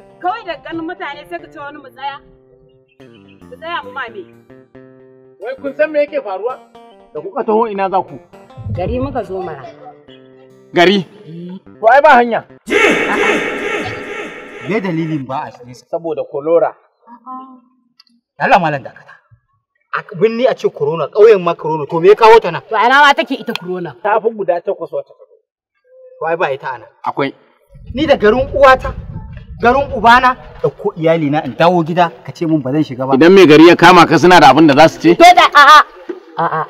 da kawai da ganin mutane sai ka ce wani mu tsaya. Ku tsaya mu mame. Wai kun san me yake faruwa? Da kuka taho ina za ku? Gari muka zo mara. Gari? To ai ba hanya. Ji! Me dalilin ba a shirye saboda kolora. Allah malam da dakata. A binni a ce Korona, ƙauyen ma Korona, to me kawo ta nan? To ana ma take ita Korona? Ta fi guda takwas wata. To ai ba ita ana. Akwai. Ni da garin uwata. garin ubana da ko iyali na in dawo gida ka ce mun ba zan shiga ba idan mai gari ya kama ka suna da abin da za su ce to da a'a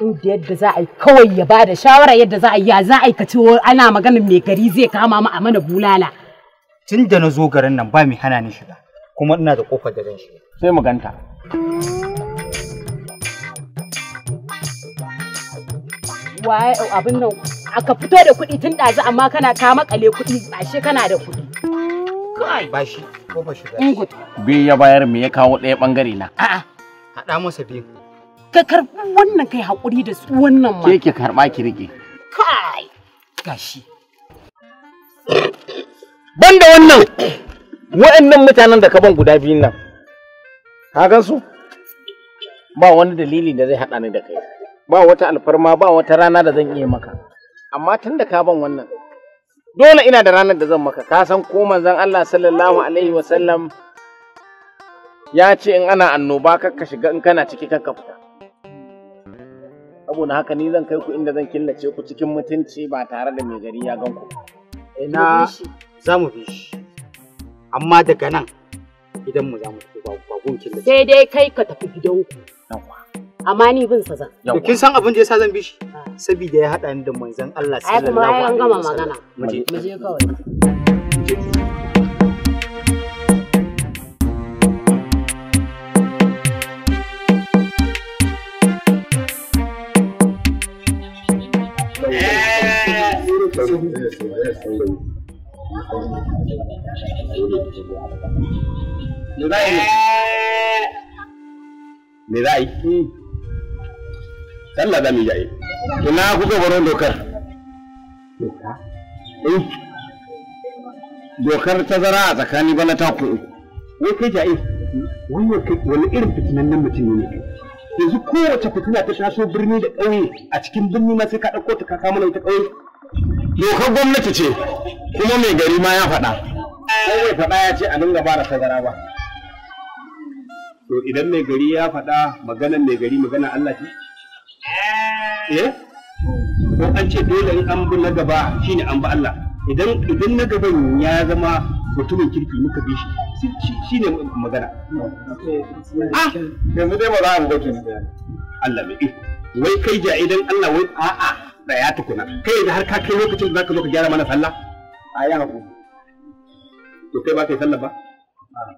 in da yadda za a yi kawai ya ba da shawara yadda za a yi ya za a yi ka ce ana maganin mai gari zai kama mu a mana bulala tun da na zo garin nan ba mai hana ni shiga kuma ina da kofar da zan shiga sai mu ganta waye abin nan aka fito da kuɗi tun ɗazu amma kana kama kale kuɗi ashe kana da kuɗi kai ba shi ko ba in bi ya bayar me ya kawo ɗaya bangare na a'a hada masa biyu ka karɓi wannan kai hakuri da su wannan ma ke ki karɓa ki rike kai gashi banda wannan wa'annan mutanen da ka ban guda biyun nan ka gan su ba wani dalili da zai haɗa ni da kai ba wata alfarma ba wata rana da zan iya maka amma tun da ka ban wannan dole ina da ranar da zan maka ka san ko manzon Allah sallallahu alaihi wasallam ya ce in ana annoba kakka shiga in kana ciki kakka fita na haka ni zan kai ku inda zan killace ku cikin mutunci ba tare da mai gari ya gan ku ina za mu bi amma daga nan mu za mu ba gun sai dai kai ka tafi ku amma ni bin sa zan kin san abin da yasa zan bi shi ah. saboda ya hada ni da manzon Allah sallallahu alaihi wasallam ai kuma an gama magana mu je kawai Me da ahí. sallah za mu yi yayi ina kuka wannan dokar doka eh dokar tazara a tsakani bana ta ku wai kai jayi wannan kai wani irin nan mutum ne yanzu kowace fitina ta taso birni da ƙauye a cikin birni ma sai ka ɗauko ta kaka mana ita ƙauye dokar gwamnati ce kuma mai gari ma ya faɗa ko mai faɗa ya ce a dinga ba da tazara ba to idan mai gari ya faɗa maganar mai gari magana Allah ce Eh? ko an ce dole in an bi na gaba shine an bi Allah idan idan na gaban ya zama mutumin kirki muka bi shi ne magana ah yanzu dai ba za a gwajin Allah mai iko wai kai ja idan Allah wai a'a da ya tukuna kai yanzu har ka kai lokacin da zaka zo ka gyara mana sallah a yi haƙu to kai ba kai sallah ba ah,